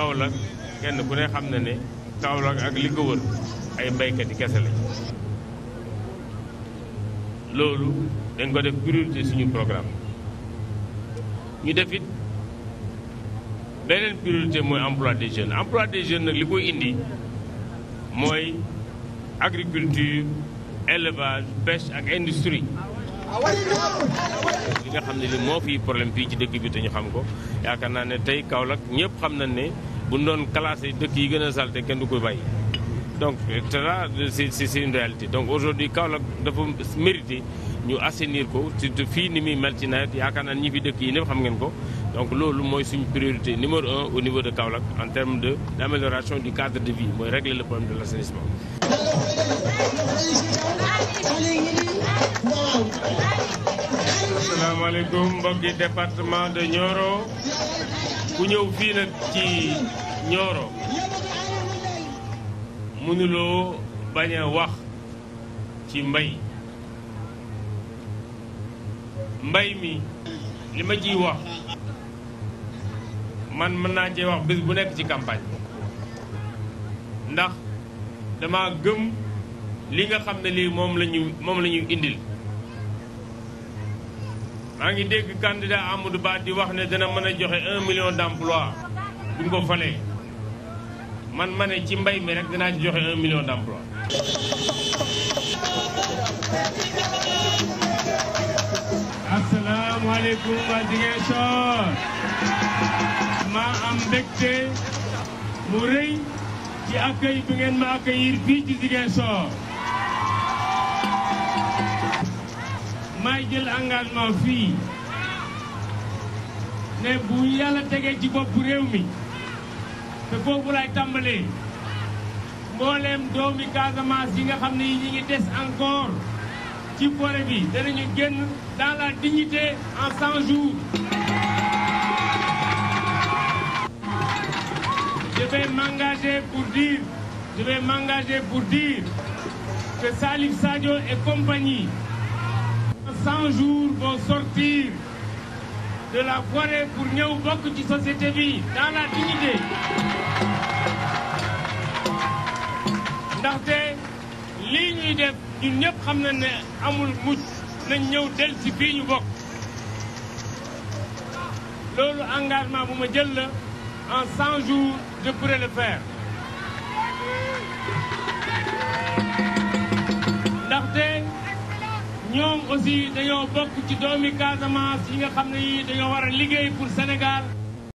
Kaolack kenn ku ne xam na ne Kaolack ak li ko wër ay béykat yi kese lañ loolu dañ ko def priorité suñu programme ñu def it beneen priorité mooy emploi des jeunes emploi des jeunes nag li koy indi mooy agriculture élevage pêche ak industrie li nga xam ne li moo fii problème fii ci dëkk bi te ñu xam ko yaakaar naa ne tey Kaolack ñëpp xam nañ ne bu ñu doon classé dëkk yi gën a salte kenn du ko bàyyi donc te là c'est une réalité donc aujourd'hui Kaolack dafa mérité ñu assainir ko surtout fii ni muy mel ci nawet yaakaar naa ñi fi dëkk yi ñëpp xam ngeen ko donc loolu mooy suñ priorité numéro un au niveau de Kaolack en termes de d'amélioration du cadre de vie mooy régler le problème de l'assainissement asalaamaaleykum mbokki département de ku ñëw fii nag ci ñooro mënuloo bañ a wax ci mbay mbay mi li ma ciy wax man mën naa cee wax bés bu nekk ci campagne ndax dama gëm li nga xam ne lii moom la indil maa ngi dégg candidat Amadou Ba di wax ne dana mën a joxe un million d'emplois bu ñu man ma ne ci mbay mi rek danaa ci joxe un million d'emplois asalaamaaleykum waa Ziguinchor maa am mbégte mu rëy ci accueil bi ngeen ma accueillir fii ci Ziguinchor maay jël engagement fii ne bu yàlla tegee ci bopp réew mi te foofu lay tàmbalee mbooleem doomi Casamance yi nga xam ne ñi ngi des encore ci forêt bi danañu génn dans la dignité en 100 jours. je vais m'engager pour dire je vais m'engager pour dire que Salif Sadio 100 jours vont sortir de la pour ñëw bokk ci société bi dans ndaxte lii ñuy def ñun ñëpp xam na ne amul mucc nañ ñëw del ci fii ñu bokk loolu engagement bu ma jël la en 100 jours je pourrai le faire aussi dañoo bokk ci doomi Casamance yi nga xam ne yi dañoo war a liggéey pour Sénégal